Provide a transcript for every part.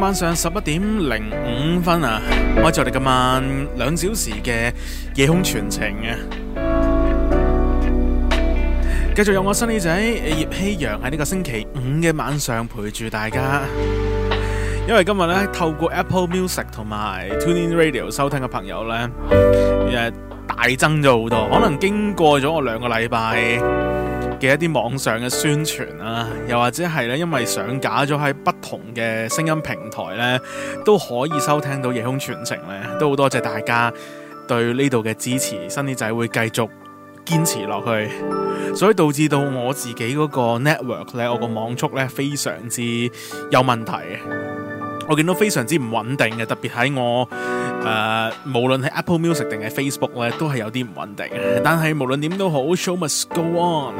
晚上十一點零五分啊，我喺我哋今晚兩小時嘅夜空傳情啊，繼續有我新呢仔葉希陽喺呢個星期五嘅晚上陪住大家，因為今日呢，透過 Apple Music 同埋 TuneIn Radio 收聽嘅朋友呢，大增咗好多，可能經過咗我兩個禮拜。嘅一啲網上嘅宣傳啊，又或者係咧，因為上架咗喺不同嘅聲音平台咧，都可以收聽到夜空傳情咧，都好多謝大家對呢度嘅支持，新啲仔會繼續堅持落去，所以導致到我自己嗰個 network 咧，我個網速咧非常之有問題。我見到非常之唔穩定嘅，特別喺我誒、呃，無論係 Apple Music 定係 Facebook 咧，都係有啲唔穩定。但係無論點都好，Show must go on。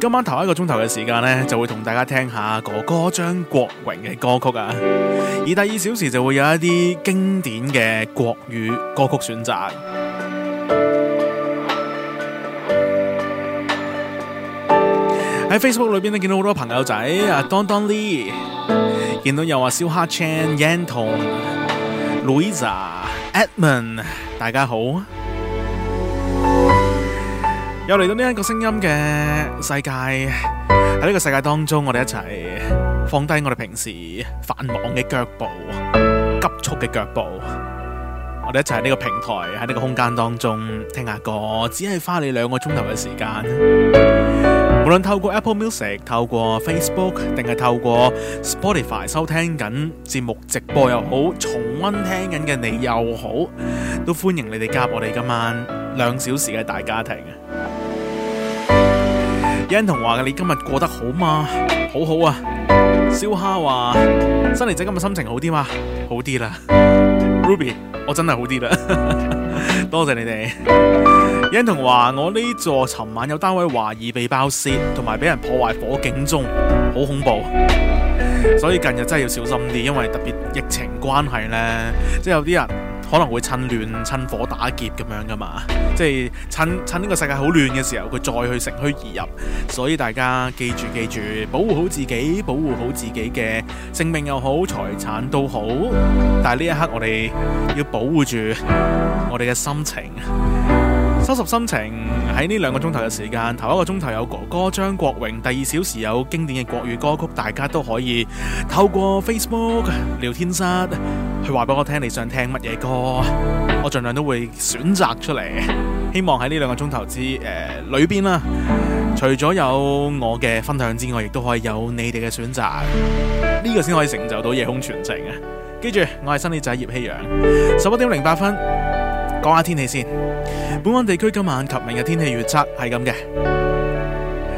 今晚頭一個鐘頭嘅時間呢，就會同大家聽下哥哥張國榮嘅歌曲啊。而第二小時就會有一啲經典嘅國語歌曲選擇。喺 Facebook 裏面，咧，見到好多朋友仔啊 Don Don Lee。見到又話燒蝦 Chan Yanto Louisa Edmond 大家好，又嚟到呢一個聲音嘅世界。喺呢個世界當中，我哋一齊放低我哋平時繁忙嘅腳步，急速嘅腳步。我哋一齊喺呢個平台，喺呢個空間當中聽下歌，只係花你兩個鐘頭嘅時間。無論透過 Apple Music、透過 Facebook 定係透過 Spotify 收聽緊節目直播又好，重溫聽緊嘅你又好，都歡迎你哋加入我哋今晚兩小時嘅大家庭啊！欣彤話嘅你今日過得好嗎？好好啊！燒蝦話新嚟仔今日心情好啲嘛？好啲啦！Ruby，我真係好啲啦， 多謝你哋。欣彤話：我呢座，尋晚有單位懷疑被爆竊，同埋俾人破壞火警鐘，好恐怖。所以近日真係要小心啲，因為特別疫情關係呢，即係有啲人可能會趁亂，趁火打劫咁樣噶嘛，即係趁趁呢個世界好亂嘅時候，佢再去乘虛而入。所以大家記住記住，保護好自己，保護好自己嘅性命又好，財產都好。但係呢一刻，我哋要保護住我哋嘅心情。收拾心情，喺呢兩個鐘頭嘅時間，頭一個鐘頭有哥哥張國榮，第二小時有經典嘅國語歌曲，大家都可以透過 Facebook 聊天室去話俾我聽你想聽乜嘢歌，我盡量都會選擇出嚟。希望喺呢兩個鐘頭之誒、呃、裏邊啦、啊，除咗有我嘅分享之外，亦都可以有你哋嘅選擇，呢、這個先可以成就到夜空傳情啊！記住，我係新理仔葉希陽，十一點零八分。講下天氣先，本港地區今晚及明日天氣預測係咁嘅，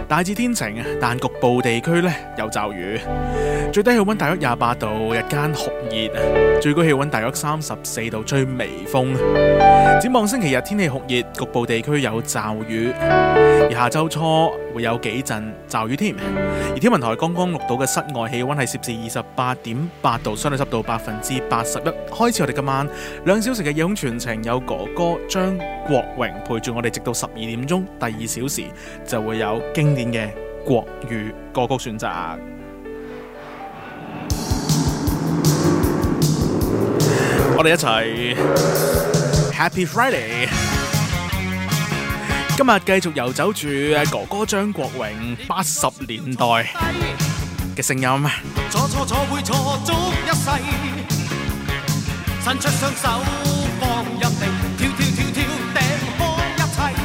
大致天晴啊，但局部地區呢有驟雨，最低氣溫大約廿八度，日間酷熱，最高氣溫大約三十四度，吹微風。展望星期日天氣酷熱，局部地區有驟雨，而下周初。有幾陣驟雨添，而天文台剛剛錄到嘅室外氣溫係攝氏二十八點八度，相對濕度百分之八十一。開始我哋今晚兩小時嘅夜空，全程有哥哥張國榮陪住我哋，直到十二點鐘。第二小時就會有經典嘅國語歌曲選擇， 我哋一齊 Happy Friday。 今日繼續遊走住哥哥張國榮八十年代嘅聲音。坐坐坐，會坐足一世，伸出雙手，放任地跳跳跳跳，掟開一切，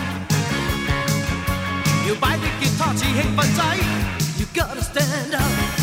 搖擺的結他，似興奮劑，You gotta stand up。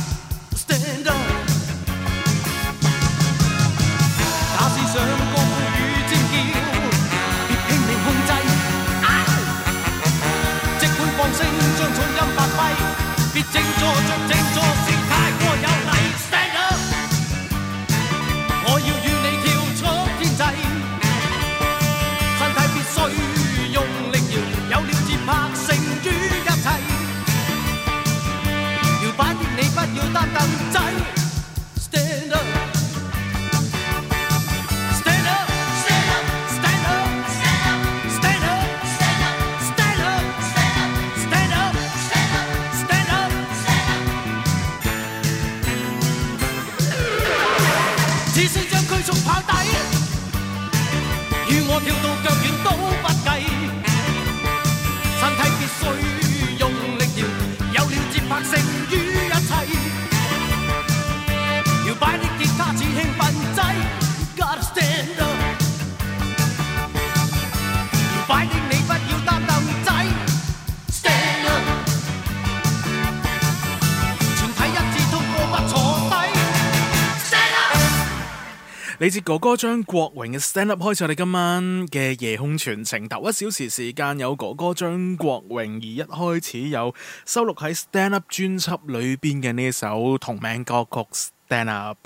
你自哥哥張國榮嘅 Stand Up 開始，我哋今晚嘅夜空全程頭一小時時間有哥哥張國榮，而一開始有收錄喺 Stand Up 專輯裏邊嘅呢一首同名歌曲 Stand Up，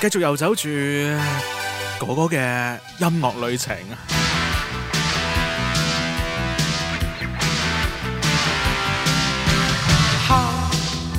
繼續遊走住哥哥嘅音樂旅程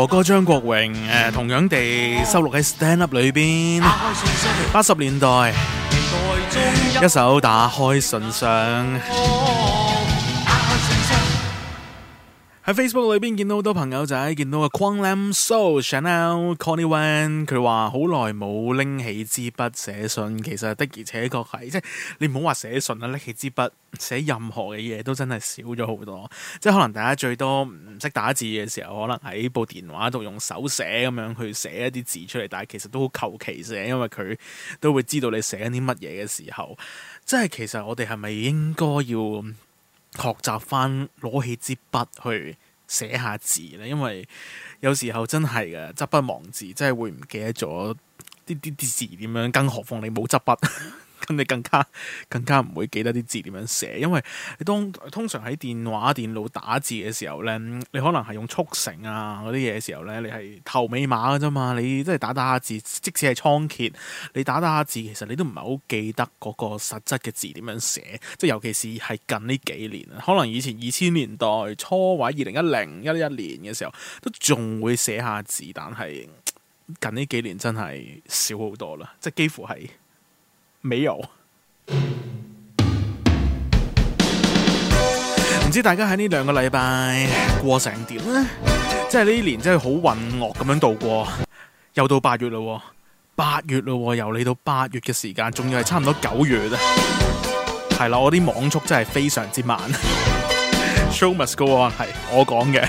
哥哥張國榮誒同樣地收錄喺 Stand Up 裏邊，八十年代一首《打開信箱》。喺 Facebook 裏邊見到好多朋友仔，見到啊 Quang Lam So Chanel、Corny Wen，佢話好耐冇拎起支筆寫信，其實的而且確係即係你唔好話寫信啦，拎起支筆寫任何嘅嘢都真係少咗好多。即係可能大家最多唔識打字嘅時候，可能喺部電話度用手寫咁樣去寫一啲字出嚟，但係其實都好求其寫，因為佢都會知道你寫緊啲乜嘢嘅時候。即係其實我哋係咪應該要學習翻攞起支筆去寫下字啦，因為有時候真係嘅執筆忘字，真係會唔記得咗啲啲啲字點樣，更何況你冇執筆。 咁你更加更加唔會記得啲字點樣寫，因為你當通常喺電話、電腦打字嘅時候咧，你可能係用速成啊嗰啲嘢嘅時候咧，你係頭尾碼嘅啫嘛，你即係打打下字，即使係倉頡，你打打下字，其實你都唔係好記得嗰個實質嘅字點樣寫，即係尤其是係近呢幾年啊，可能以前二千年代初位二零一零一一年嘅時候，都仲會寫下字，但係近呢幾年真係少好多啦，即幾乎係。沒有唔知道大家喺呢兩個禮拜過成點咧？即係呢年真係好渾噩咁樣度過，又到八月嘞，八月嘞，由嚟到八月嘅時間，仲要係差唔多九月啊！係啦，我啲網速真係非常之慢。 Show must go on 係我講嘅。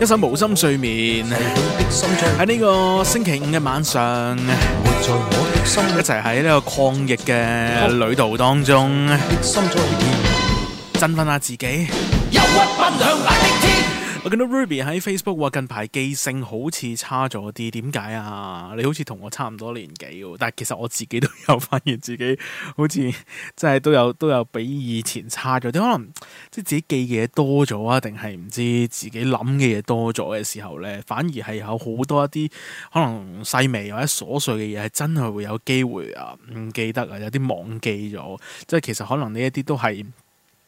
一首《無心睡眠》，喺呢個星期五嘅晚上，一齊喺呢個抗疫嘅旅途當中，振奮下自己。見到 Ruby 喺 Facebook 話近排記性好似差咗啲，點解啊？你好似同我差唔多年紀喎，但係其實我自己都有發現自己好似真係都有都有比以前差咗啲。可能即係自己記嘅嘢多咗啊？定係唔知自己諗嘅嘢多咗嘅時候咧，反而係有好多一啲可能細微或者瑣碎嘅嘢，係真係會有機會啊唔記得啊，有啲忘記咗。即係其實可能呢一啲都係。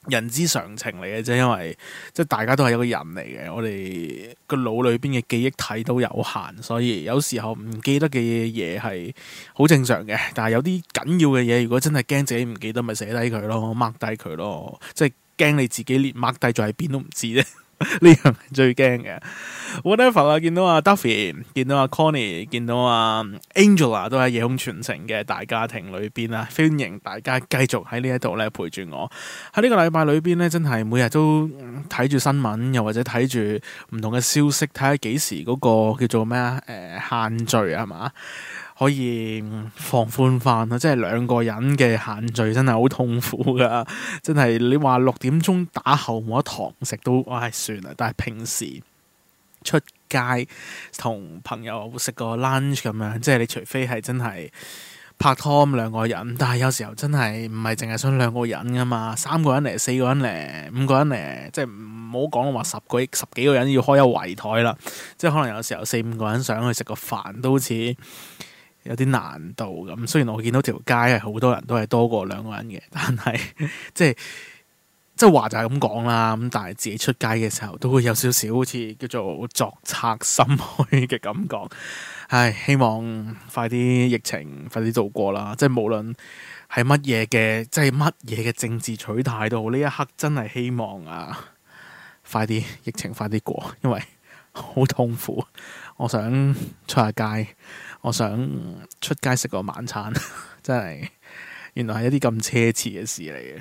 人之常情嚟嘅啫，因為即係大家都係一個人嚟嘅，我哋個腦裏邊嘅記憶體都有限，所以有時候唔記得嘅嘢係好正常嘅。但係有啲緊要嘅嘢，如果真係驚自己唔記得，咪寫低佢咯，mark 低佢咯，即係驚你自己連 mark 低咗喺邊都唔知咧。呢樣 最驚嘅，whatever 啦！見到阿、啊、Duffy，見到阿、啊、Connie，見到阿、啊、Angela，都喺夜空傳情嘅大家庭裏邊啦，歡迎大家繼續喺呢一度咧陪住我。喺呢個禮拜裏邊咧，真係每日都睇住新聞，又或者睇住唔同嘅消息，睇下幾時嗰個叫做咩啊？誒、呃，限聚係嘛？可以放寬翻咯，即係兩個人嘅限聚真係好痛苦㗎，真係你話六點鐘打後冇得堂食都，唉，算啦。但係平時出街同朋友食個 lunch 咁樣，即係你除非係真係拍拖咁兩個人，但係有時候真係唔係淨係想兩個人㗎嘛，三個人嚟、四個人嚟、五個人嚟，即係唔好講話十個、十幾個人要開一圍枱啦。即係可能有時候四五個人想去食個飯都好似。有啲難度咁，雖然我見到條街係好多人都係多過兩個人嘅，但係即係即係話就係咁講啦。咁但係自己出街嘅時候都會有少少好似叫做作賊心虛嘅感覺。唉，希望快啲疫情快啲度過啦！即係無論係乜嘢嘅，即係乜嘢嘅政治取態都好，呢一刻真係希望啊！快啲疫情快啲過，因為，好痛苦，我想出下街，我想出街食個晚餐，真係，原來係一啲咁奢侈嘅事嚟嘅。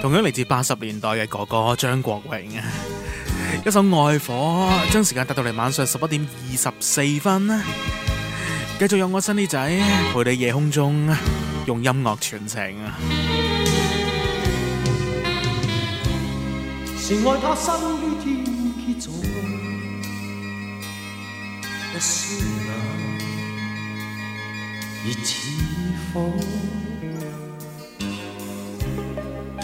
同樣嚟自八十年代嘅哥哥張國榮啊，一首《愛火》將時間達到嚟晚上十一點二十四分啦，繼續有我 Sunny 仔陪你夜空中用音樂傳情啊！是愛他生於天蠍座，一雙眼熱似火。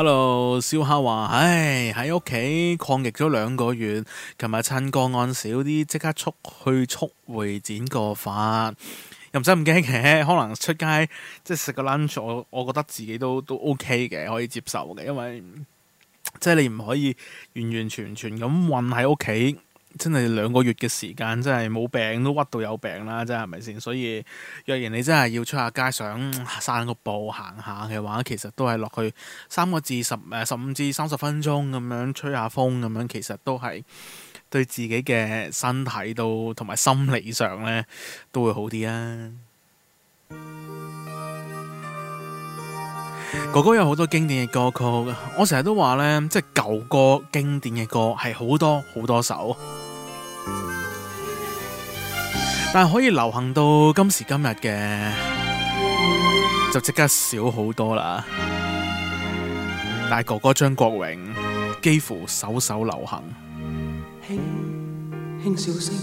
hello，燒烤話，唉喺屋企抗疫咗兩個月，琴日趁個案少啲，即刻速去速回剪個髮，又唔使咁驚嘅，可能出街即係食個 lunch，我我覺得自己都都 OK 嘅，可以接受嘅，因為即係你唔可以完完全全咁韞喺屋企。真係兩個月嘅時間，真係冇病都屈到有病啦，真係咪先？所以若然你真係要出下街，想散個步、行下嘅話，其實都係落去三個字十誒，十五至三十分鐘咁樣吹下風咁樣，其實都係對自己嘅身體都同埋心理上呢都會好啲啊！哥哥有好多經典嘅歌曲，我成日都話呢，即係舊歌、經典嘅歌係好多好多首。但可以流行到今時今日嘅，就即刻少好多啦。大哥哥張國榮幾乎首首流行。輕輕笑聲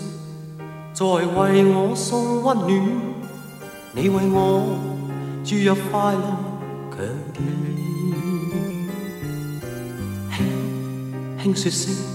在為我送溫暖，你為我注入快樂，強電輕輕說聲。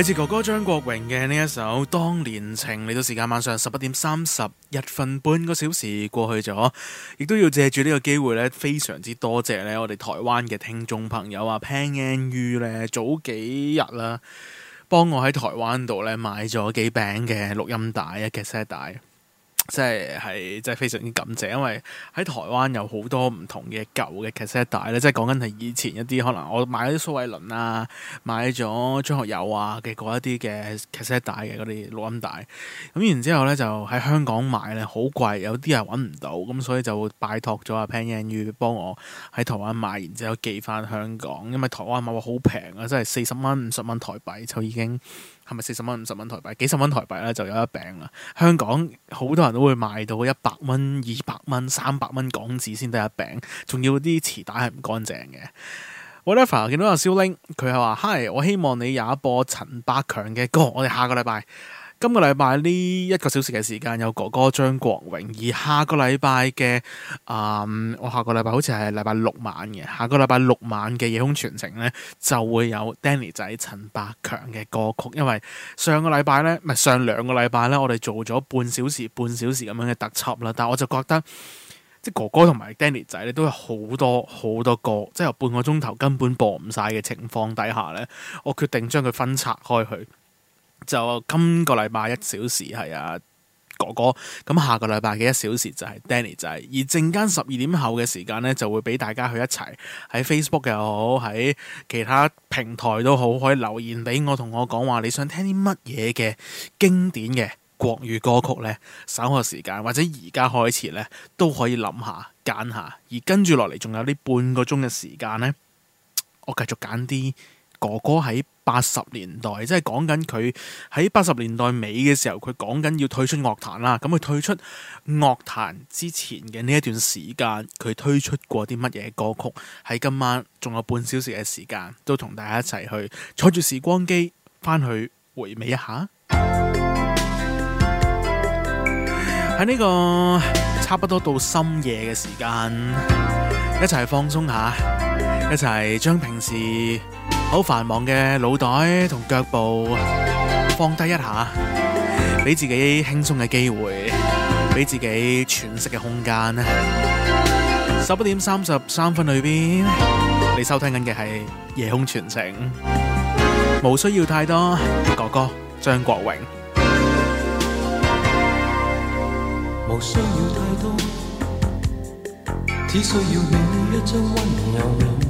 李治哥哥張國榮嘅呢一首《當年情》，嚟到，時間晚上十一點三十一分，半個小時過去咗，亦都要借住呢個機會呢，非常之多謝呢，我哋台灣嘅聽眾朋友啊，Pan and U 呢早幾日啦，幫我喺台灣度呢買咗幾餅嘅錄音帶啊，CD 帶。即係係即係非常之感謝，因為喺台灣有好多唔同嘅舊嘅 cassette 帶咧，即係講緊係以前一啲可能我買咗蘇慧倫啊，買咗張學友啊嘅嗰一啲嘅 cassette 帶嘅嗰啲錄音帶。咁然之後咧就喺香港買咧好貴，有啲係揾唔到，咁所以就拜託咗阿 Pan Yang Yu 幫我喺台灣買，然之後寄翻香港，因為台灣買話好平啊，即係四十蚊五十蚊台幣就已經。係咪四十蚊、五十蚊台幣、幾十蚊台幣咧就有一餅啦？香港好多人都會賣到一百蚊、二百蚊、三百蚊港紙先得一餅，仲要啲磁帶係唔乾淨嘅。Whatever，見到阿蕭 Ling，佢係話，Hi，我希望你有一播陳百強嘅歌。我哋下個禮拜。今個禮拜呢一個小時嘅時間有哥哥張國榮，而下個禮拜嘅啊，我下個禮拜好似係禮拜六晚嘅，下個禮拜六晚嘅夜空傳情咧就會有 Danny 仔陳百強嘅歌曲，因為上個禮拜咧，唔係上兩個禮拜咧，我哋做咗半小時、半小時咁樣嘅特輯啦，但係我就覺得即哥哥同埋 Danny 仔咧都有好多好多歌，即係由半個鐘頭根本播唔晒嘅情況底下咧，我決定將佢分拆開去。就今個禮拜一小時係啊，哥哥，咁下個禮拜嘅一小時就係 Danny 仔，而陣間十二點後嘅時間呢，就會俾大家去一齊喺 Facebook 又好，喺其他平台都好，可以留言俾我，同我講話你想聽啲乜嘢嘅經典嘅國語歌曲呢。稍後時間或者而家開始呢，都可以諗下揀下，而跟住落嚟仲有呢半個鐘嘅時間呢，我繼續揀啲。哥哥喺八十年代，即係講緊佢喺八十年代尾嘅時候，佢講緊要退出樂壇啦。咁佢退出樂壇之前嘅呢一段時間，佢推出過啲乜嘢歌曲？喺今晚仲有半小時嘅時間，都同大家一齊去坐住時光機，翻去回味一下。喺呢個差不多到深夜嘅時間，一齊放鬆下，一齊將平時。好繁忙嘅腦袋同腳步，放低一下，俾自己輕鬆嘅機會，俾自己喘息嘅空間。十一點三十三分裏邊，你收聽緊嘅係《夜空傳情》，無需要太多，哥哥張國榮，無需要太多，只需要你一張溫柔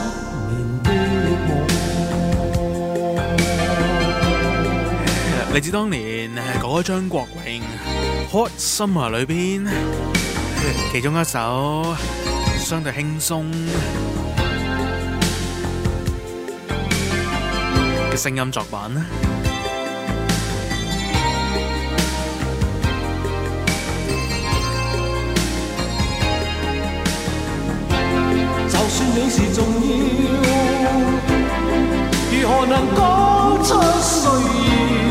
嚟自當年嗰張國榮《Hot Summer》裏邊，其中一首相對輕鬆嘅聲音作品。就算你是重要，如何能講出需要？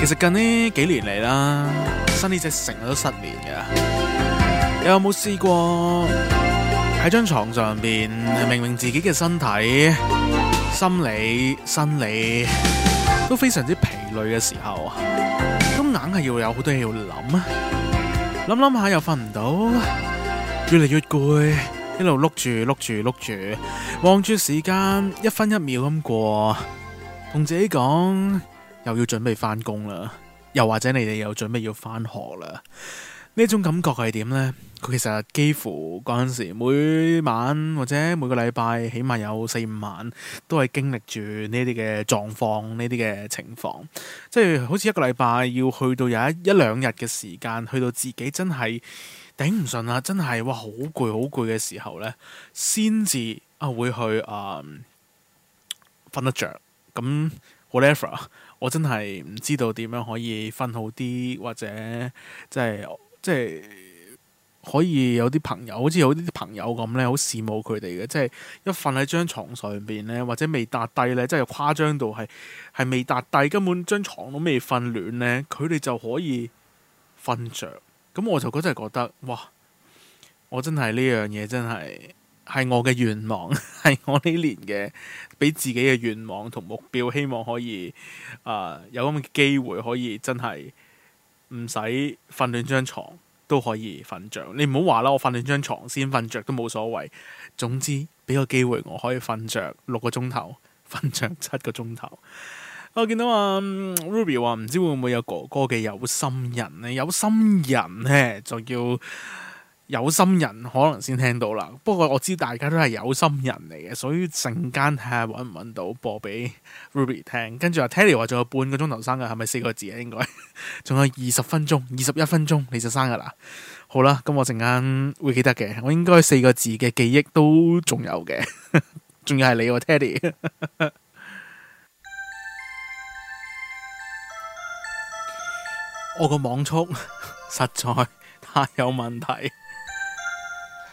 其實近呢幾年嚟啦，新呢只成日都失眠嘅，又有冇試過喺張床上邊，明明自己嘅身體、心理、生理都非常之疲累嘅時候啊，咁硬係要有好多嘢要諗啊，諗諗下又瞓唔到，越嚟越攰，一路碌住碌住碌住，望住時間一分一秒咁過，同自己講。又要準備翻工啦，又或者你哋又準備要翻學啦？呢種感覺係點呢？佢其實幾乎嗰陣時每晚或者每個禮拜起碼有四五晚都係經歷住呢啲嘅狀況，呢啲嘅情況，即係好似一個禮拜要去到有一一兩日嘅時間，去到自己真係頂唔順呀，真係哇，好攰好攰嘅時候呢，先至啊會去啊瞓，呃、得着咁，whatever。我真係唔知道點樣可以瞓好啲，或者即係即係可以有啲朋友，好似有啲朋友咁咧，好羨慕佢哋嘅，即係一瞓喺張床上邊咧，或者未搭低咧，真係誇張到係係未搭低，根本張床都未瞓暖咧，佢哋就可以瞓着。咁我就嗰陣覺得哇，我真係呢樣嘢真係。係我嘅願望，係我呢年嘅俾自己嘅願望同目標，希望可以啊、呃、有咁嘅機會，可以真係唔使瞓亂張床都可以瞓着。你唔好話啦，我瞓亂張床先瞓着都冇所謂。總之俾個機會我可以瞓着六個鐘頭，瞓着七個鐘頭。我見到啊 Ruby 話唔知會唔會有哥哥嘅有心人咧？有心人咧就叫。有心人可能先聽到啦，不過我知大家都係有心人嚟嘅，所以陣間睇下揾唔揾到播俾 Ruby 聽。跟住阿 Teddy 話仲有半個鐘頭生嘅，係咪四個字啊？應該仲有二十分鐘，二十一分鐘你就生噶啦。好啦，咁我陣間會記得嘅，我應該四個字嘅記憶都仲有嘅，仲要係你喎、啊、Teddy，我個網速實在太有問題。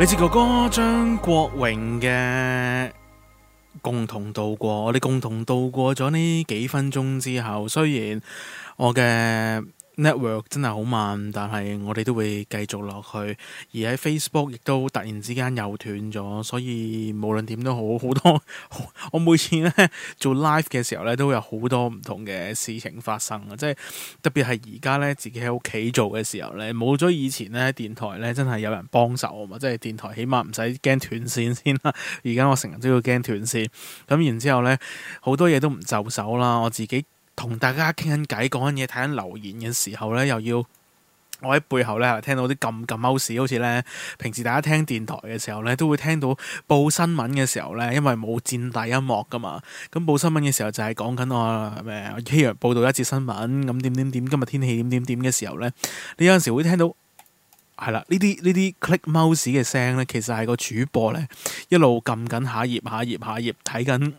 李治哥哥張國榮嘅共同度過，我哋共同度過咗呢幾分鐘之後，雖然我嘅。Network 真係好慢，但係我哋都會繼續落去。而喺 Facebook 亦都突然之間又斷咗，所以無論點都好，好多好我每次咧做 live 嘅時候咧，都有好多唔同嘅事情發生，即係特別係而家咧，自己喺屋企做嘅時候咧，冇咗以前咧，電台咧真係有人幫手啊嘛，即係電台起碼唔使驚斷線先啦。而家我成日都要驚斷線咁，然之後咧好多嘢都唔就手啦，我自己。同大家傾緊偈、講緊嘢、睇緊留言嘅時候呢，又要我喺背後呢，聽到啲撳撳 mouse，好似呢平時大家聽電台嘅時候呢，都會聽到報新聞嘅時候呢，因為冇墊底音樂㗎嘛，咁報新聞嘅時候就係講緊我誒，譬、啊、如報道一次新聞，咁點點點，今日天，天氣點點點嘅時候咧，你有陣時會聽到係啦，呢啲呢啲 click mouse 嘅聲呢，其實係個主播呢，一路撳緊下頁下頁下頁睇緊。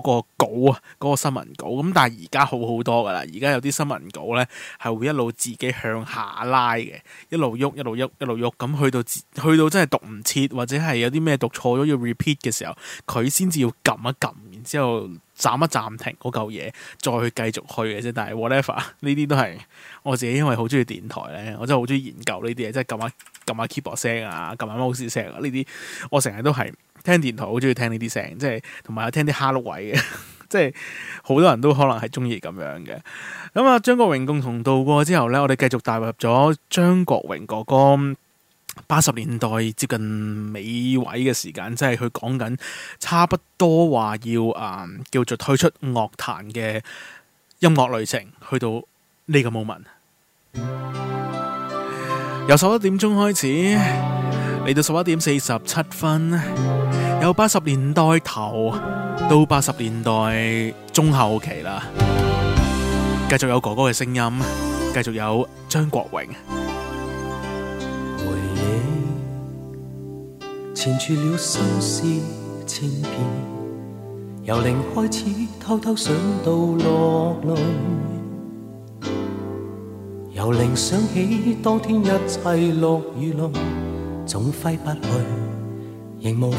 嗰個稿啊，嗰個新聞稿咁，但係而家好好多噶啦。而家有啲新聞稿咧，係會一路自己向下拉嘅，一路喐，一路喐，一路喐咁去到，去到真係讀唔切，或者係有啲咩讀錯咗要 repeat 嘅時候，佢先至要撳一撳，然之後暫一暫停嗰嚿嘢，再去繼續去嘅啫。但係 whatever 呢啲都係我自己，因為好中意電台咧，我真係好中意研究呢啲嘢，即係撳下，撳下 keyboard 聲啊，撳下 mouse 聲啊，呢啲我成日都係。聽電台好中意聽呢啲聲，即係同埋有聽啲哈碌位嘅，即係好多人都可能係中意咁樣嘅。咁啊，張國榮共同度過之後呢，我哋繼續帶入咗張國榮哥哥八十年代接近尾位嘅時間，即係佢講緊差不多話要啊叫做退出樂壇嘅音樂旅程，去到呢個 moment。由十一點鐘開始嚟到十一點四十七分。由八十年代頭到八十年代中後期啦，繼續有哥哥嘅聲音，繼續有張國榮。回憶纏住了心事千遍，由零開始偷偷想到落淚，由零想起當天一切落雨落，總揮不去，仍無悔。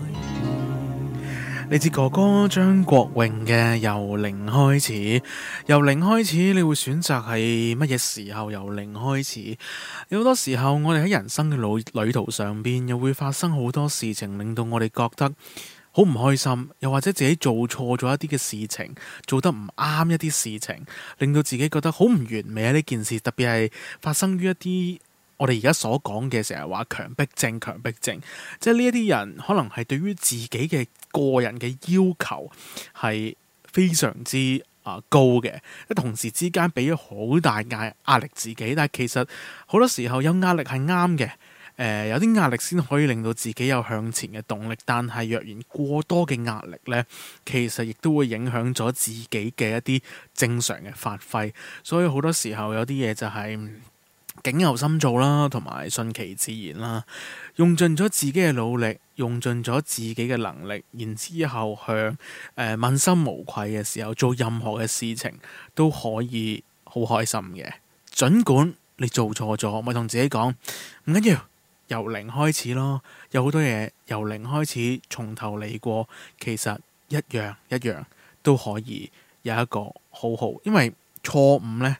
你知哥哥張國榮嘅由零開始，由零開始，你會選擇係乜嘢時候由零開始？有好多時候，我哋喺人生嘅旅途上邊，又會發生好多事情，令到我哋覺得好唔開心，又或者自己做錯咗一啲嘅事情，做得唔啱一啲事情，令到自己覺得好唔完美啊！呢件事特別係發生於一啲。我哋而家所講嘅成日話強迫症、強迫症，即係呢一啲人可能係對於自己嘅個人嘅要求係非常之啊高嘅，一同時之間俾咗好大壓壓力自己。但係其實好多時候有壓力係啱嘅，誒、呃、有啲壓力先可以令到自己有向前嘅動力。但係若然過多嘅壓力咧，其實亦都會影響咗自己嘅一啲正常嘅發揮。所以好多時候有啲嘢就係、是。境由心做啦，同埋順其自然啦，用盡咗自己嘅努力，用盡咗自己嘅能力，然之後向誒、呃、問心無愧嘅時候做任何嘅事情都可以好開心嘅。盡管你做錯咗，咪同自己講唔緊要，由零開始咯。有好多嘢由零開始，從頭嚟過，其實一樣一樣都可以有一個好好。因為錯誤咧。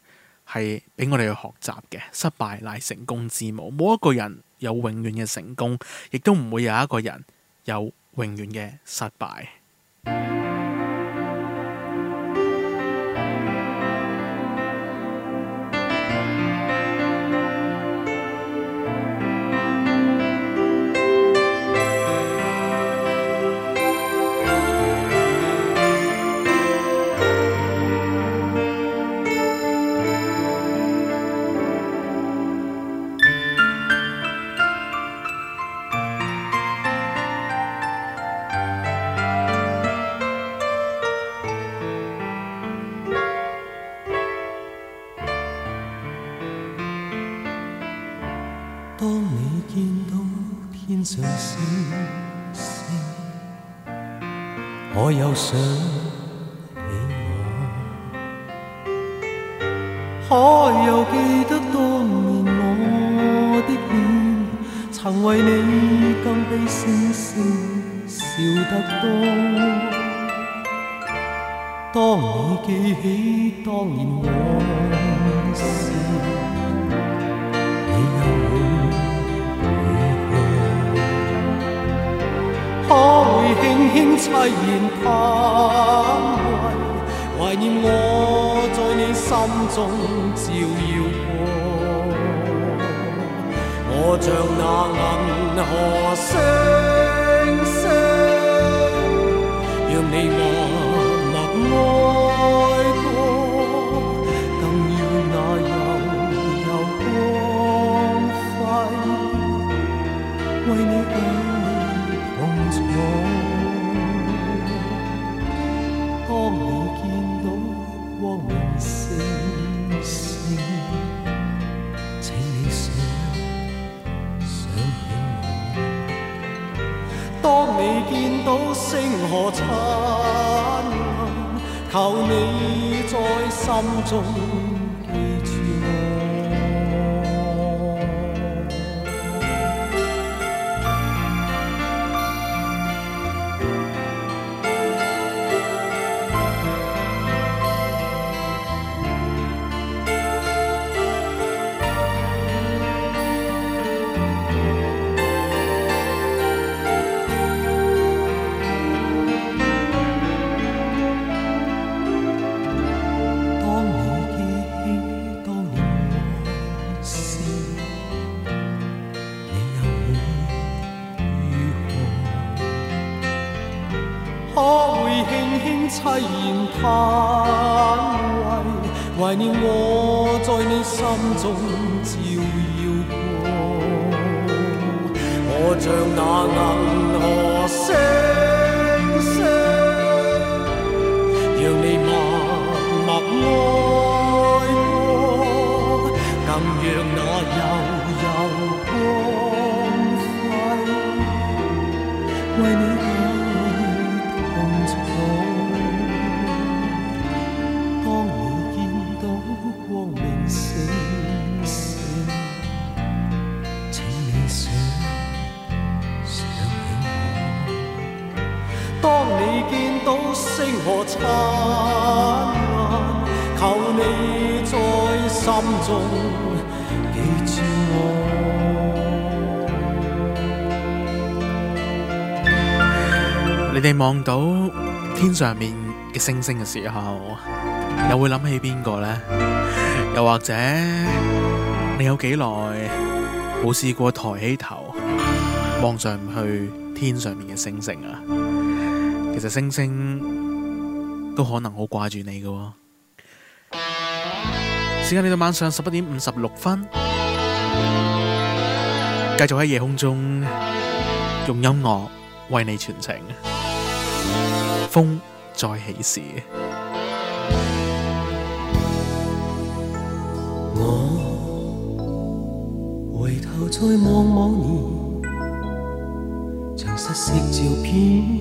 係俾我哋去學習嘅，失敗乃成功之母。冇一個人有永遠嘅成功，亦都唔會有一個人有永遠嘅失敗。求你在心中記住我。你哋望到天上面嘅星星嘅時候，又會諗起邊個呢？又或者，你有幾耐冇試過抬起頭望上去天上面嘅星星啊？其實星星。都可能好掛住你嘅。啊，時間嚟到晚上十一點五十六分，繼續喺夜空中用音樂為你傳情。風再起時，我回頭再望某年，像失色照片。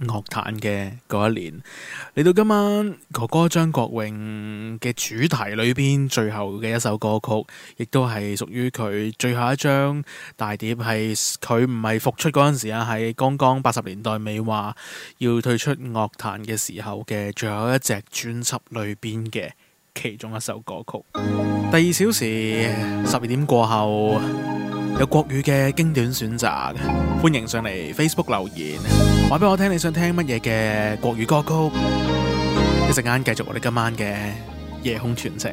樂壇嘅嗰一年，嚟到今晚哥哥張國榮嘅主題裏邊，最後嘅一首歌曲，亦都係屬於佢最後一張大碟，係佢唔係復出嗰陣時啊，喺剛剛八十年代尾話要退出樂壇嘅時候嘅，最後一隻專輯裏邊嘅其中一首歌曲。第二小時十二點過後。有國語嘅經典選擇，歡迎上嚟 Facebook 留言，話俾我聽你想聽乜嘢嘅國語歌曲。一陣間繼續我哋今晚嘅夜空傳情。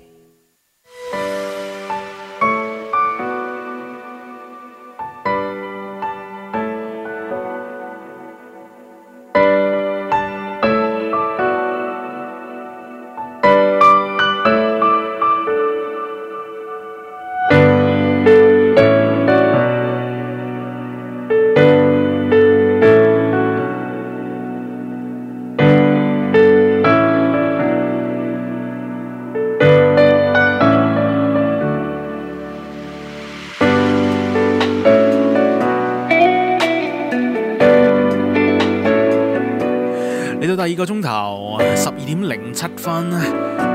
一個鐘頭，十二點零七分，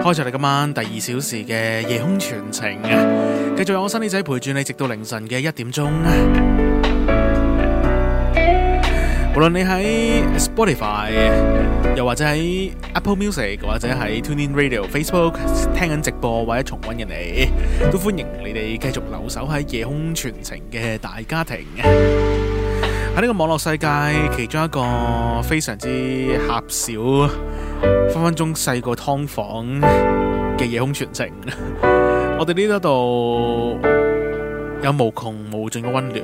開咗你今晚第二小時嘅夜空傳情，繼續有我 Sunny 仔陪住你，直到凌晨嘅一點鐘。無論你喺 Spotify，又或者喺 Apple Music，或者喺 TuneIn Radio、Facebook 聽緊直播或者重温嘅你，都歡迎你哋繼續留守喺夜空傳情嘅大家庭。喺呢個網絡世界，其中一個非常之狹小、分分鐘細過劏房嘅夜空傳情。 我哋呢一度有無窮無盡嘅溫暖。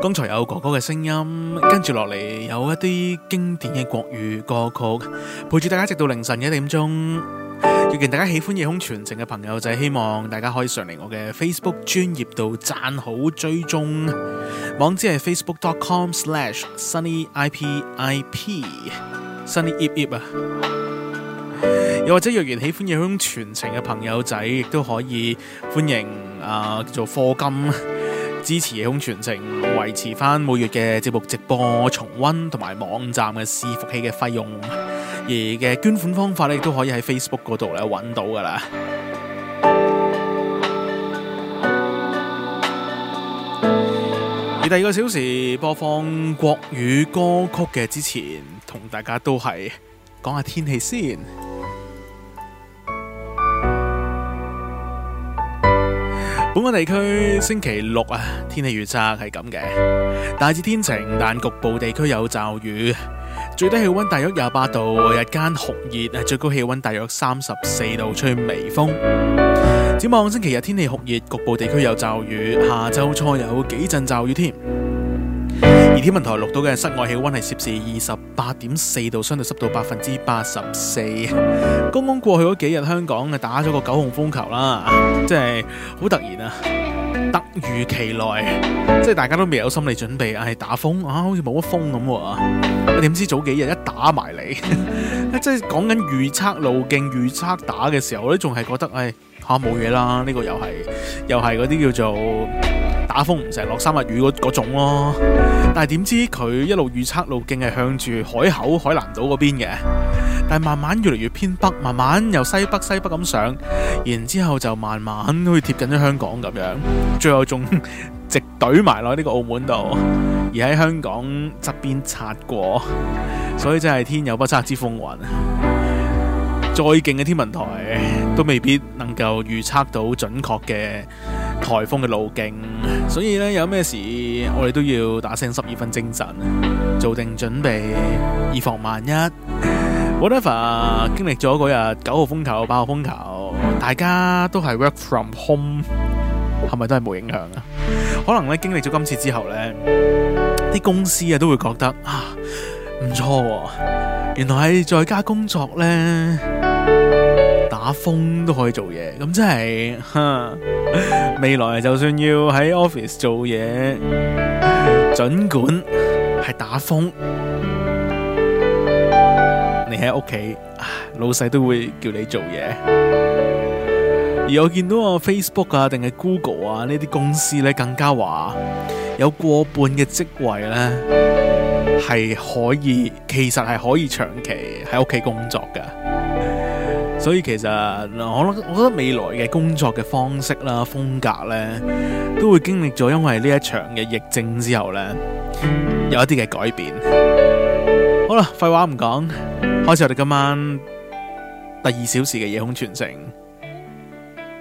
剛才有哥哥嘅聲音，跟住落嚟有一啲經典嘅國語歌曲，陪住大家直到凌晨一點鐘。若然大家喜歡夜空傳情嘅朋友仔，希望大家可以上嚟我嘅 Facebook 專頁度讚好追蹤，網址係 facebook.com/sunnyipip。s u n n y i p 啊！又或者若然喜歡夜空傳情嘅朋友仔，亦都可以歡迎啊、呃、做課金，呵呵，支持夜空傳情，維持翻每月嘅節目直播、重溫同埋網站嘅伺服器嘅費用。而嘅捐款方法咧，亦都可以喺 Facebook 嗰度咧揾到噶啦。而第二個小時播放國語歌曲嘅之前，同大家都係講下天氣先。本港地區星期六啊，天氣預測係咁嘅，大致天晴，但局部地區有驟雨。最低氣溫大約廿八度，日間酷熱，最高氣溫大約三十四度，吹微風。展望星期日天氣酷熱，局部地區有驟雨，下週初有幾陣驟雨添。而天文台錄到嘅室外氣溫係攝氏二十八點四度，相對濕度百分之八十四。 剛剛過去嗰幾日，香港誒打咗個九號風球啦，即係好突然啊！突如其來，即係大家都未有心理準備，係、哎、打風啊，好似冇乜風咁啊！點知早幾日一打埋嚟，即係講緊預測路徑、預測打嘅時候，我哋仲係覺得唉，吓冇嘢啦，呢個又係又係嗰啲叫做。打風唔成落三日雨嗰種咯，但係點知佢一路預測路徑係向住海口、海南島嗰邊嘅，但係慢慢越嚟越偏北，慢慢由西北、西北咁上，然之後就慢慢去貼近咗香港咁樣，最後仲直懟埋落呢個澳門度，而喺香港側邊擦過，所以真係天有不測之風雲，再勁嘅天文台都未必能夠預測到準確嘅。颱風嘅路徑，所以咧有咩事我哋都要打聲十二分精神，做定準備，以防萬一。Whatever 經歷咗嗰日九號風球、八號風球，大家都係 work from home，係咪都係冇影響啊？可能咧經歷咗今次之後咧，啲公司啊都會覺得啊唔錯、啊，原來係在家工作咧。打風都可以做嘢，咁真係，未來就算要喺 office 做嘢，儘管係打風，你喺屋企，老細都會叫你做嘢。而我見到啊 Facebook 啊，定係 Google 啊呢啲公司咧，更加話有過半嘅職位咧係可以，其實係可以長期喺屋企工作噶。所以其實我覺得，我覺得未來嘅工作嘅方式啦、風格咧，都會經歷咗因為呢一場嘅疫症之後咧，有一啲嘅改變。好啦，廢話唔講，開始我哋今晚第二小時嘅夜空傳情，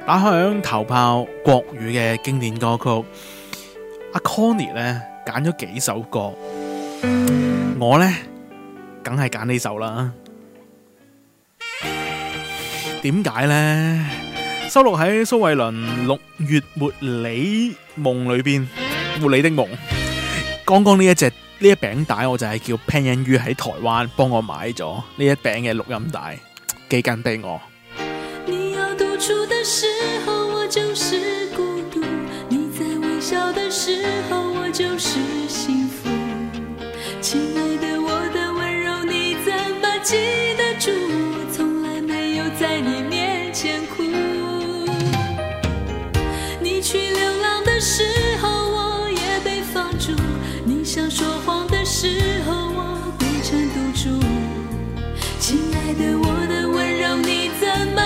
打響頭炮國語嘅經典歌曲。阿 Connie 咧揀咗幾首歌，我咧梗係揀呢首啦。點解呢？收錄喺蘇慧倫《六月沒你夢裡面》裏邊，《沒你的夢》。剛剛呢一隻呢一餅帶，我就係叫 Pan Yin Yu 喺台灣幫我買咗呢一餅嘅錄音帶寄緊俾我。你要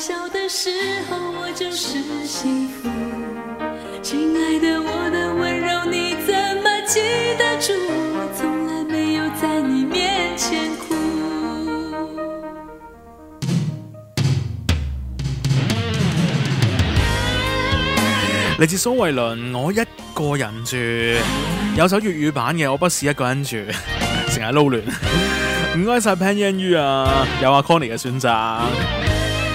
小的時候，我就是幸福，親愛的，我的溫柔你怎麼記得住？我從來沒有在你面前哭。來自蘇慧倫，我一個人住。有首粵語版嘅，我不是一個人住，成日撈亂，唔該晒潘迎宇啊，有阿 Connie 嘅選擇。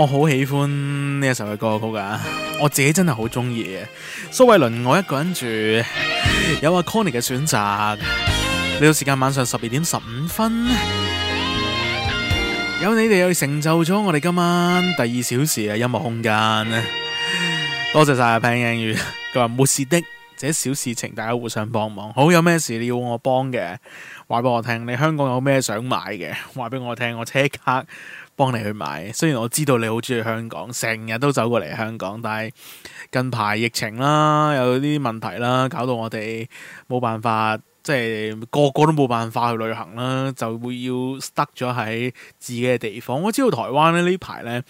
我好喜歡呢一首嘅歌曲噶，我自己真係好中意嘅。蘇慧倫我一個人住，有阿 Connie 嘅選擇。嚟到時間晚上十二點十五分，有你哋又成就咗我哋今晚第二小時嘅音樂空間。多謝晒啊，潘英語。佢話冇事的，這小事情大家互相幫忙。好，有咩事你要我幫嘅，話俾我聽。你香港有咩想買嘅，話俾我聽，我即刻。幫你去買，雖然我知道你好鍾意香港，成日都走過嚟香港，但係近排疫情啦，有啲問題啦，搞到我哋冇辦法，即係個個都冇辦法去旅行啦，就會要 stuck 咗喺自己嘅地方。我知道台灣咧呢排咧。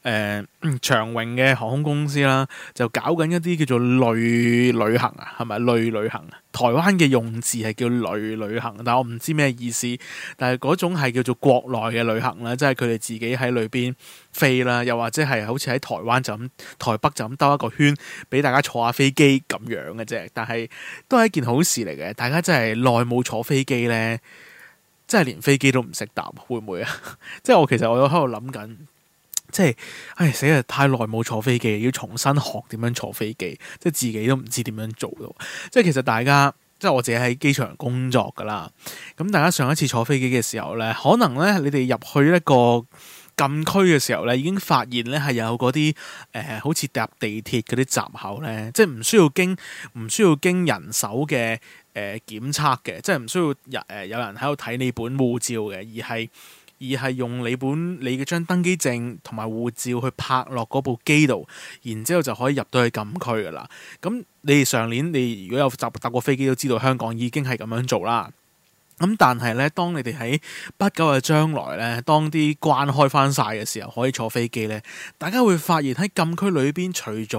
誒、呃，長榮嘅航空公司啦，就搞緊一啲叫做旅旅行啊，係咪？旅旅行啊，台灣嘅用字係叫旅旅行，但係我唔知咩意思。但係嗰種係叫做國內嘅旅行啦，即係佢哋自己喺裏邊飛啦，又或者係好似喺台灣就咁台北就咁兜一個圈，俾大家坐下飛機咁樣嘅啫。但係都係一件好事嚟嘅，大家真係耐冇坐飛機咧，真係連飛機都唔識搭，會唔會啊？ 即係我其實我都喺度諗緊。即係，唉、哎，死啦！太耐冇坐飛機，要重新學點樣坐飛機，即係自己都唔知點樣做咯。即係其實大家，即係我自己喺機場工作噶啦。咁大家上一次坐飛機嘅時候咧，可能咧你哋入去一個禁區嘅時候咧，已經發現咧係有嗰啲誒，好似搭地鐵嗰啲閘口咧，即係唔需要經唔需要經人手嘅誒、呃、檢測嘅，即係唔需要有人喺度睇你本護照嘅，而係。而係用你本你嘅張登機證同埋護照去拍落嗰部機度，然之後就可以入到去禁區噶啦。咁你哋上年你如果有搭搭過飛機，都知道香港已經係咁樣做啦。咁但係咧，當你哋喺不久嘅將來咧，當啲關開翻晒嘅時候，可以坐飛機咧，大家會發現喺禁區裏邊，除咗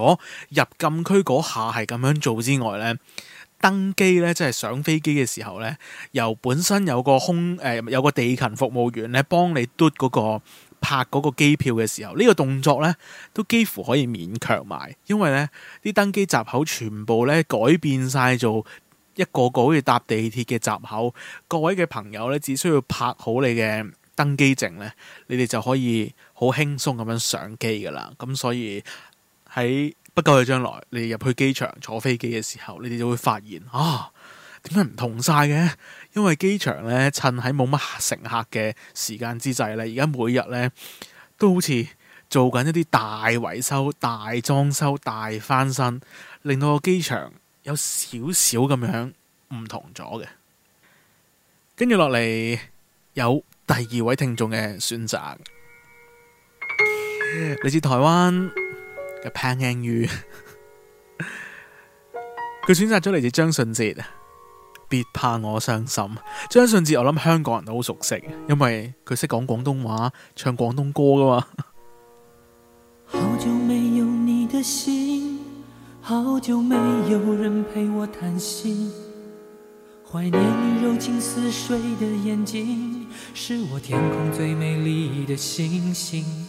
入禁區嗰下係咁樣做之外咧。登機咧，即係上飛機嘅時候咧，由本身有個空誒、呃，有個地勤服務員咧幫你嘟嗰、那個拍嗰個機票嘅時候，呢、這個動作咧都幾乎可以勉強埋，因為咧啲登機閘口全部咧改變晒，做一個個好似搭地鐵嘅閘口。各位嘅朋友咧，只需要拍好你嘅登機證咧，你哋就可以好輕鬆咁樣上機㗎喇。咁所以喺不久嘅將來，你哋入去機場坐飛機嘅時候，你哋就會發現啊，點解唔同晒嘅？因為機場呢，趁喺冇乜乘客嘅時間之際呢，而家每日呢，都好似做緊一啲大維修、大裝修、大翻新，令到個機場有少少咁樣唔同咗嘅。跟住落嚟有第二位聽眾嘅選擇，嚟自台灣。嘅偏輕語，佢 an 選擇咗嚟自張信哲，《別怕我傷心》。張信哲我諗香港人都好熟悉，因為佢識講廣東話，唱廣東歌㗎嘛。好久沒有你的心，好久沒有人陪我談心，懷念你柔情似水的眼睛，是我天空最美麗的星星。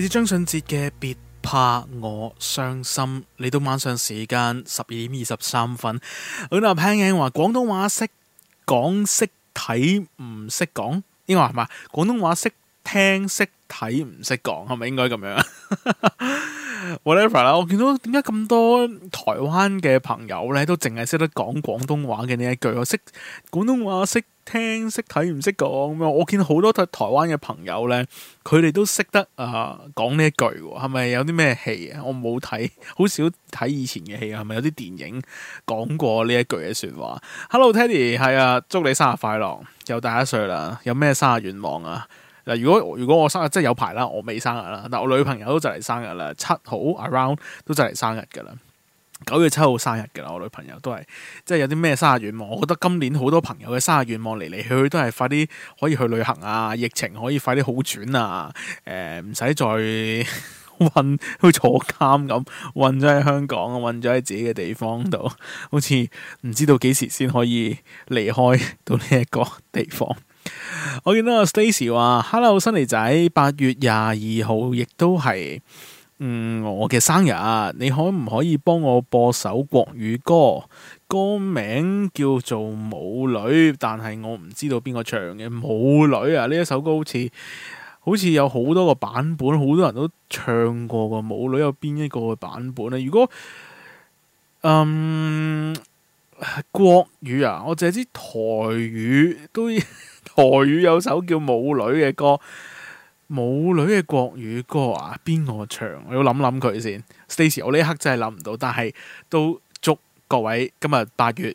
接張信哲嘅《你的別怕我傷心》，嚟到晚上時間十二點二十三分。老衲聽嘢話廣東話識講識睇唔識講，應該話係咪？廣東話識聽識睇唔識講係咪應該咁樣啊 ？Whatever 啦，我見到點解咁多台灣嘅朋友咧都淨係識得講廣東話嘅呢一句，我識廣東話識。聽識睇唔識講咁啊！我見好多台台灣嘅朋友咧，佢哋都識得啊講呢一句，係咪有啲咩戲啊？我冇睇，好少睇以前嘅戲，係咪有啲電影講過呢一句嘅說話？Hello Teddy，係啊，祝你生日快樂，又大一歲啦！有咩生日願望啊？嗱，如果如果我生日即係有排啦，我未生日啦，但我女朋友都就嚟生日啦，七號 Around 都就嚟生日㗎啦。九月七號生日嘅啦，我女朋友都係，即係有啲咩生日願望？我覺得今年好多朋友嘅生日願望嚟嚟去去都係快啲可以去旅行啊，疫情可以快啲好轉啊，誒、呃，唔使再運去 坐監咁，運咗喺香港，混咗喺自己嘅地方度，好似唔知道幾時先可以離開到呢一個地方。我見到 Stacy 話：Hello，Sunny 仔，八月廿二號，亦都係。嗯，我嘅生日，你可唔可以幫我播首國語歌？歌名叫做《舞女》，但係我唔知道邊個唱嘅《舞女》啊？呢一首歌好似好似有好多個版本，好多人都唱過個《舞女》，有邊一個嘅版本啊？如果嗯國語啊，我淨係知台語都台語有首叫《舞女》嘅歌。母女嘅國語歌啊，邊個唱？我要諗諗佢先。Stacy，我呢一刻真係諗唔到，但係都祝各位今日八月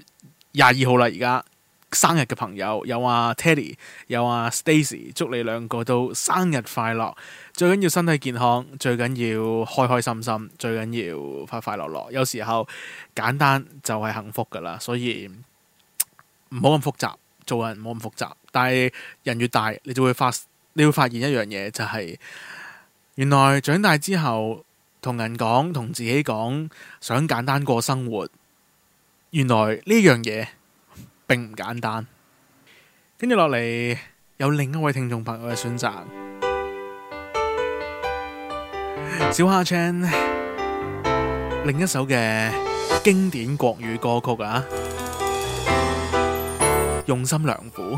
廿二號啦，而家生日嘅朋友有啊 Teddy，有啊 Stacy，祝你兩個都生日快樂，最緊要身體健康，最緊要開開心心，最緊要快快樂樂。有時候簡單就係幸福噶啦，所以唔好咁複雜，做人唔好咁複雜。但係人越大，你就會發。你會發現一樣嘢，就係、是、原來長大之後同人講、同自己講想簡單過生活，原來呢樣嘢並唔簡單。跟住落嚟有另一位聽眾朋友嘅選擇，小哈唱另一首嘅經典國語歌曲啊，用心良苦。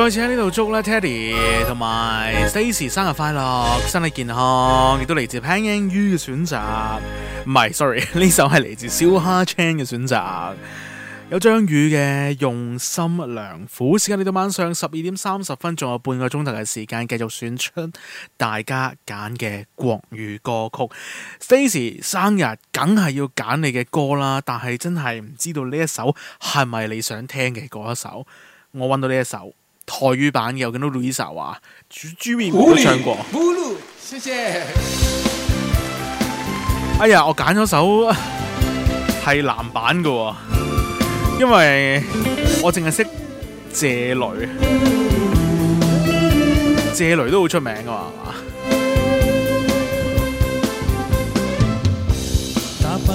再次喺呢度祝咧 Teddy 同埋 Stacy 生日快樂，身體健康，亦都嚟自潘英於嘅選擇。唔係，sorry，呢首係嚟自小哈 Chan 嘅選擇。有張宇嘅用心良苦。時間嚟到晚上十二點三十分，仲有半個鐘頭嘅時間，繼續選出大家揀嘅國語歌曲。Stacy 生日梗係要揀你嘅歌啦，但係真係唔知道呢一首係咪你想聽嘅嗰一首。我揾到呢一首。台語版嘅，又見到 Lisa 話豬豬面我都唱過 Blue 謝謝。哎呀，我揀咗首係男版嘅喎，因為我淨係識謝雷，謝雷都好出名嘅嘛，係嘛。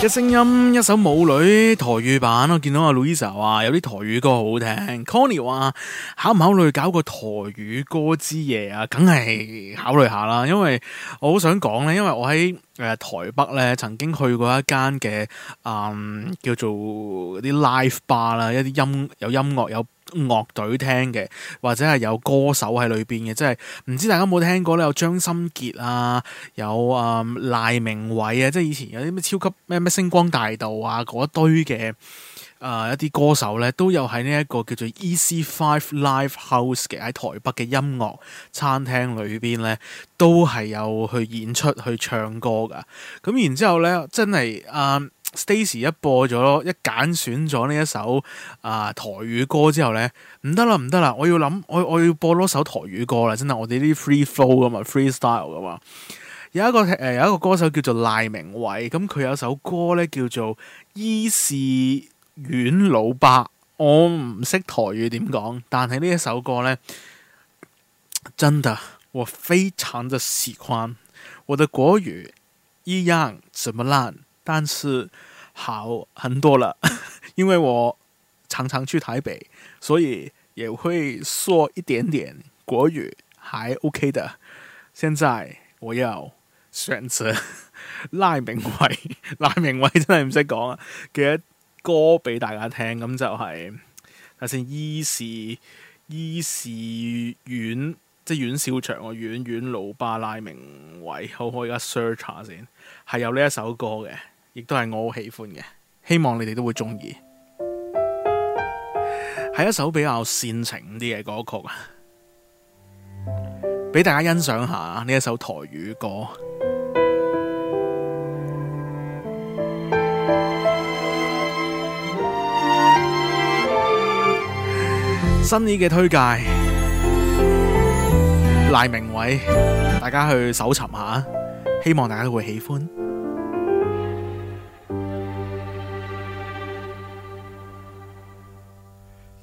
嘅聲音，一首舞女台語版，我見到阿 Louisa 話有啲台語歌好聽。Connie 話考唔考慮搞個台語歌之夜啊？梗係考慮下啦，因為我好想講咧，因為我喺誒台北咧曾經去過一間嘅啊叫做啲 live bar 啦，一啲音有音樂有。樂隊聽嘅，或者係有歌手喺裏邊嘅，即係唔知大家有冇聽過咧？有張心傑啊，有啊、嗯、賴明偉啊，即係以前有啲咩超級咩咩星光大道啊嗰堆嘅啊、呃、一啲歌手咧，都有喺呢一個叫做 EC Five Live House 嘅喺台北嘅音樂餐廳裏邊咧，都係有去演出去唱歌噶。咁然之後咧，真係啊～、呃 Stacy 一播咗囉，一揀選咗呢一首啊台語歌之後咧，唔得啦，唔得啦，我要諗，我我要播多首台語歌啦。真係我哋啲 free flow 噶嘛，free style 噶嘛。有一個誒、呃，有一個歌手叫做賴明偉，咁佢有首歌咧叫做《伊是阮老伯》，我唔識台語點講，但係呢一首歌咧，真的我非常的喜歡。我的國語一樣這麼爛。但是好很多了，因為我常常去台北，所以也會說一點點國語，還 OK 的。現在我要選擇賴明偉，賴明偉真係唔識講啊，嘅歌俾大家聽。咁就係、是，等先，伊士伊士阮，即係阮少長個阮阮老爸賴明偉，好，我而家 search 下先，係有呢一首歌嘅。亦都係我好喜歡嘅，希望你哋都會中意。係一首比較煽情啲嘅歌曲啊，俾大家欣賞下呢一首台語歌。新年嘅推介，賴明偉，大家去搜尋下，希望大家都會喜歡。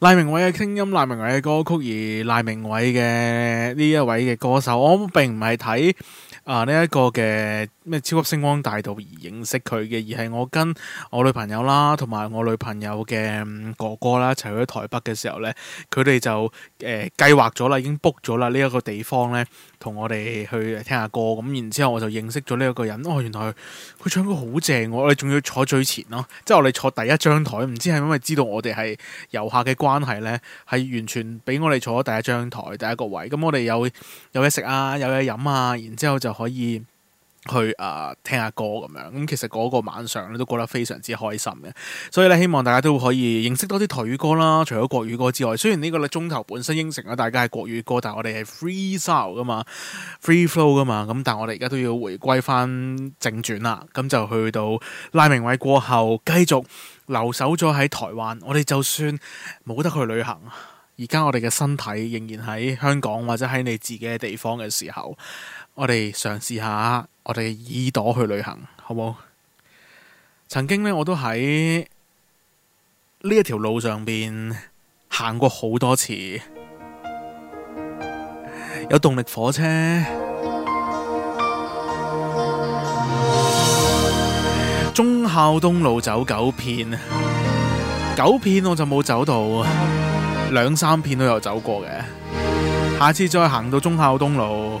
賴明偉嘅聲音，賴明偉嘅歌曲，而賴明偉嘅呢一位嘅歌手，我並唔係睇啊呢一個嘅，咩超級星光大道而認識佢嘅，而係我跟我女朋友啦，同埋我女朋友嘅哥哥啦一齊去喺台北嘅時候咧，佢哋就誒、呃、計劃咗啦，已經 book 咗啦呢一個地方咧，同我哋去聽下歌咁。然之後我就認識咗呢一個人，哦，原來佢唱歌好正，我哋仲要坐最前咯，即係我哋坐第一張台。唔知係因為知道我哋係遊客嘅關係咧，係完全俾我哋坐咗第一張台第一個位。咁我哋有有嘢食啊，有嘢飲啊，然之後就可以。去啊、呃、聽一下歌咁樣，咁其實嗰個晚上咧都過得非常之開心嘅，所以咧希望大家都可以認識多啲台語歌啦，除咗國語歌之外，雖然呢個鐘頭本身應承咗大家係國語歌，但我哋係 free style 噶嘛，free flow 噶嘛，咁但我哋而家都要回歸翻正傳啦，咁就去到拉明偉過後，繼續留守咗喺台灣。我哋就算冇得去旅行，而家我哋嘅身體仍然喺香港或者喺你自己嘅地方嘅時候，我哋嘗試下。我哋耳朵去旅行，好冇？好？曾經呢，我都喺呢一條路上邊行過好多次，有動力火車，忠孝東路走九片，九片我就冇走到，兩三片都有走過嘅。下次再行到忠孝東路。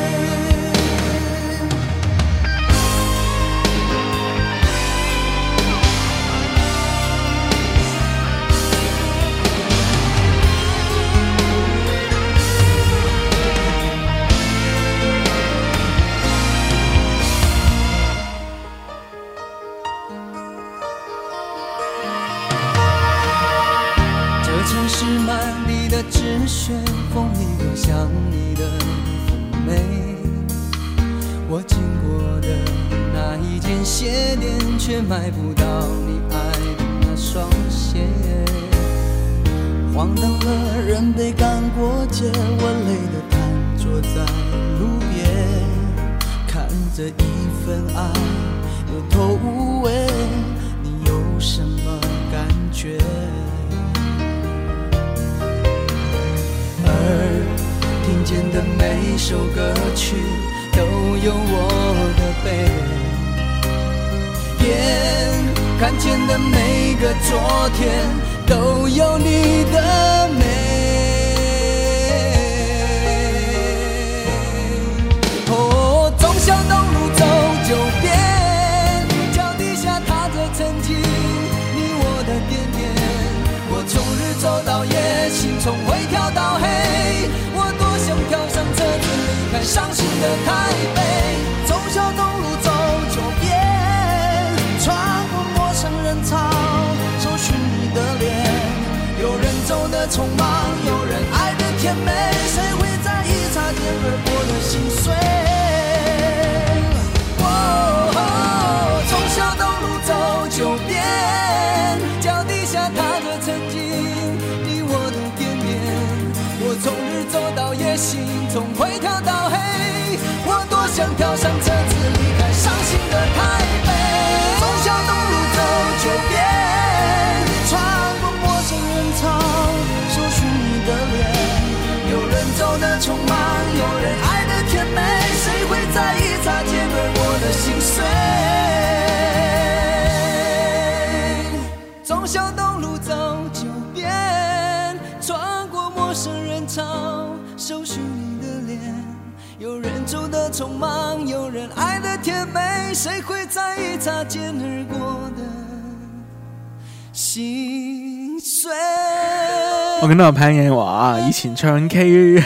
咁啊！聽嘢話，以前唱 K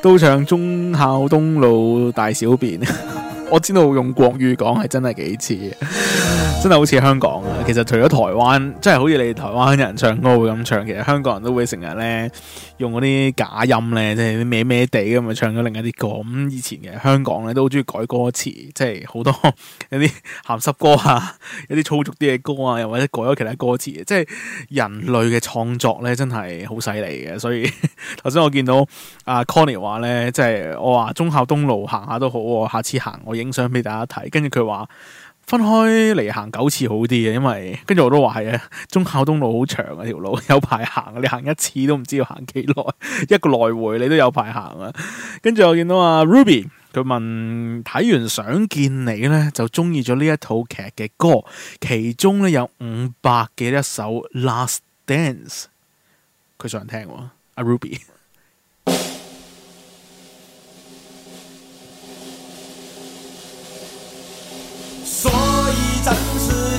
都唱忠孝東路大小便， 我知道用國語講係真係幾似，真係好似香港啊。其實除咗台灣，即係好似你哋台灣人唱歌會咁唱，其實香港人都會成日呢。用嗰啲假音咧，即係啲咩咩地咁，咪唱咗另一啲歌。咁以前嘅香港咧，都好中意改歌詞，即係好多一啲鹹濕歌啊，一啲粗俗啲嘅歌啊，又或者改咗其他歌詞。即係人類嘅創作咧，真係好犀利嘅。所以頭先我見到阿、啊、Connie 話咧，即係我話忠孝東路行下都好，下次行我影相俾大家睇。跟住佢話。分開嚟行九次好啲嘅，因為跟住我都話係啊。忠孝東路好長啊，條路有排行，你行一次都唔知要行幾耐，一個來回你都有排行啊。跟住我見到阿 Ruby，佢問睇完想見你咧，就中意咗呢一套劇嘅歌，其中咧有伍佰嘅一首《Last Dance》，佢想聽阿、啊、Ruby。啊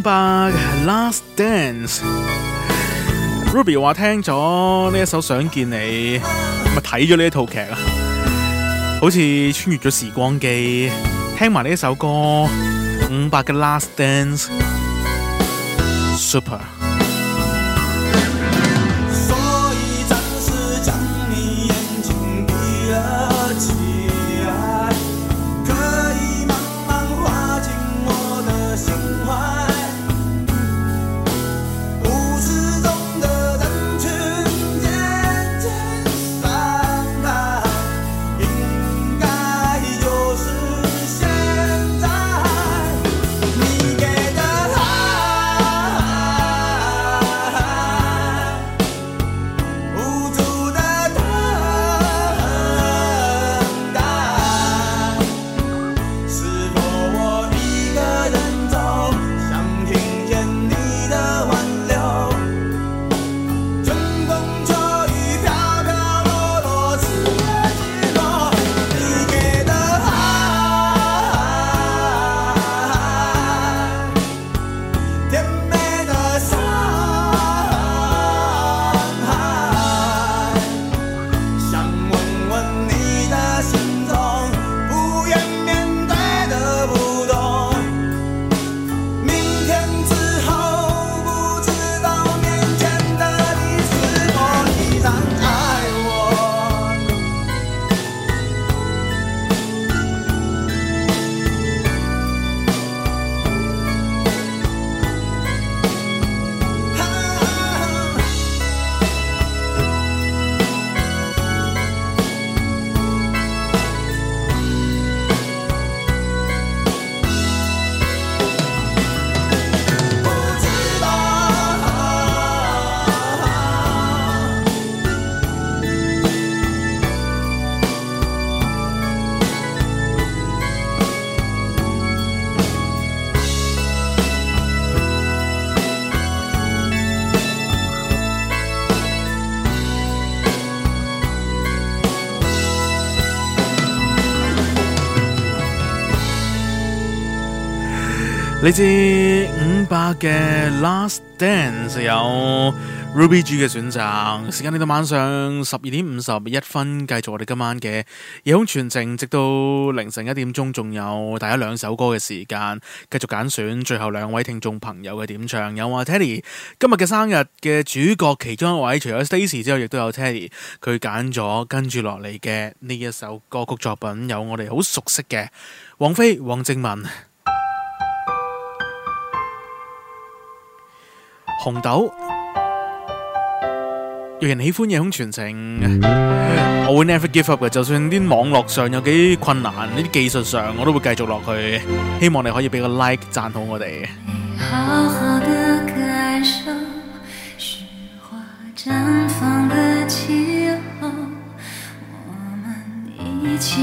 五百嘅《Last Dance》，Ruby 話聽咗呢一首《想見你》，咪睇咗呢一套劇啊，好似穿越咗時光機，聽埋呢一首歌，五百嘅《Last Dance》，Super。嚟自五百嘅《Last Dance》，有 Ruby G 嘅選擇，時間嚟到晚上十二點五十一分，繼續我哋今晚嘅夜空傳情，直到凌晨一點鐘，仲有大家兩首歌嘅時間，繼續揀選最後兩位聽眾朋友嘅點唱。有啊 Teddy 今日嘅生日嘅主角其中一位，除咗 Stacy 之外，亦都有 Teddy 佢揀咗跟住落嚟嘅呢一首歌曲作品，有我哋好熟悉嘅王菲、王靖雯。紅豆，有人喜歡夜空傳情，我會 never give up 嘅。就算啲網絡上有幾困難，呢啲技術上，我都會繼續落去。希望你可以俾個 like 讚好我哋。好好的感受雪花綻放的氣候，我們一起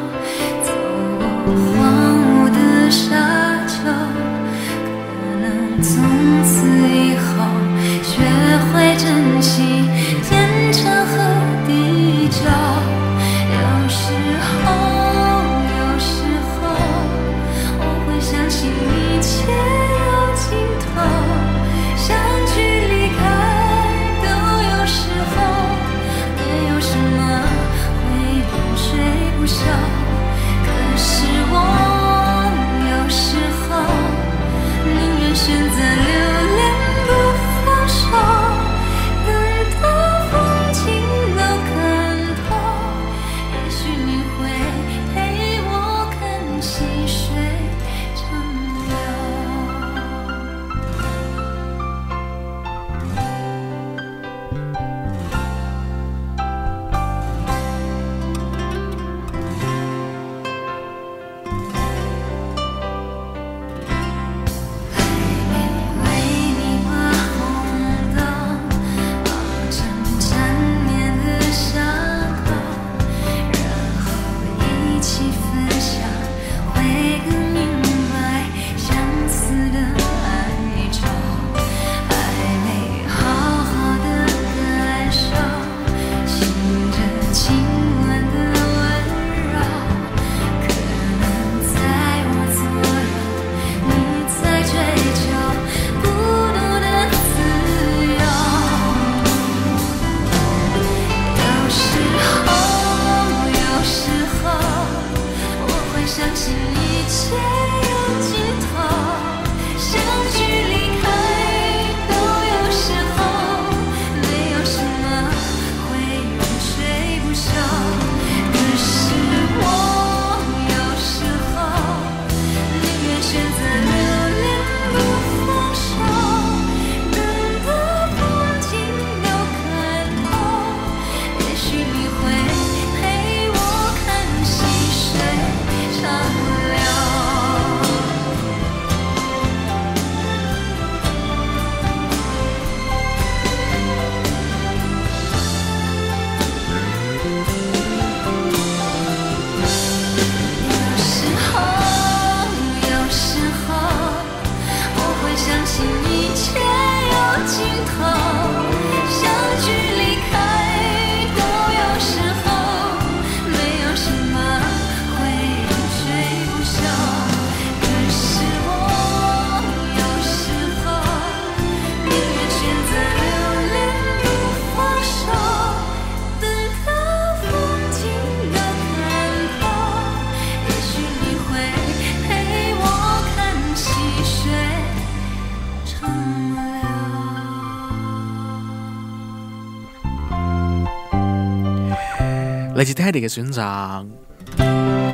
你嘅選擇，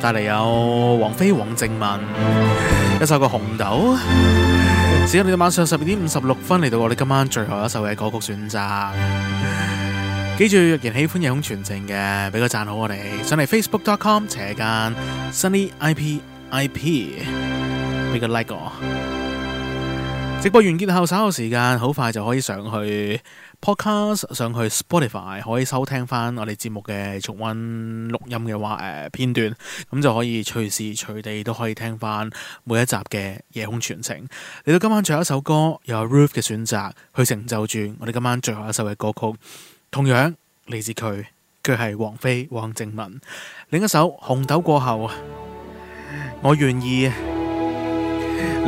帶嚟有王菲、王靖雯一首《個紅豆》，只有你到晚上十二點五十六分，嚟到我哋今晚最後一首嘅歌曲選擇。記住，若然喜歡夜空傳情嘅，俾個讚好我哋，上嚟 Facebook.com 斜間 SunnyIPIP 俾個 like 我，直播完結後稍後時間，好快就可以上去。Podcast 上去 Spotify 可以收聽翻我哋節目嘅重温錄音嘅話誒、呃、片段，咁就可以隨時隨地都可以聽翻每一集嘅夜空傳情。嚟到今晚最後一首歌，又係 Ruth 嘅選擇去成就住我哋今晚最後一首嘅歌曲，同樣嚟自佢，佢係王菲、王靜文。另一首紅豆過後，我願意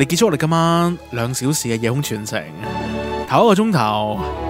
嚟結束我哋今晚兩小時嘅夜空傳情，頭一個鐘頭。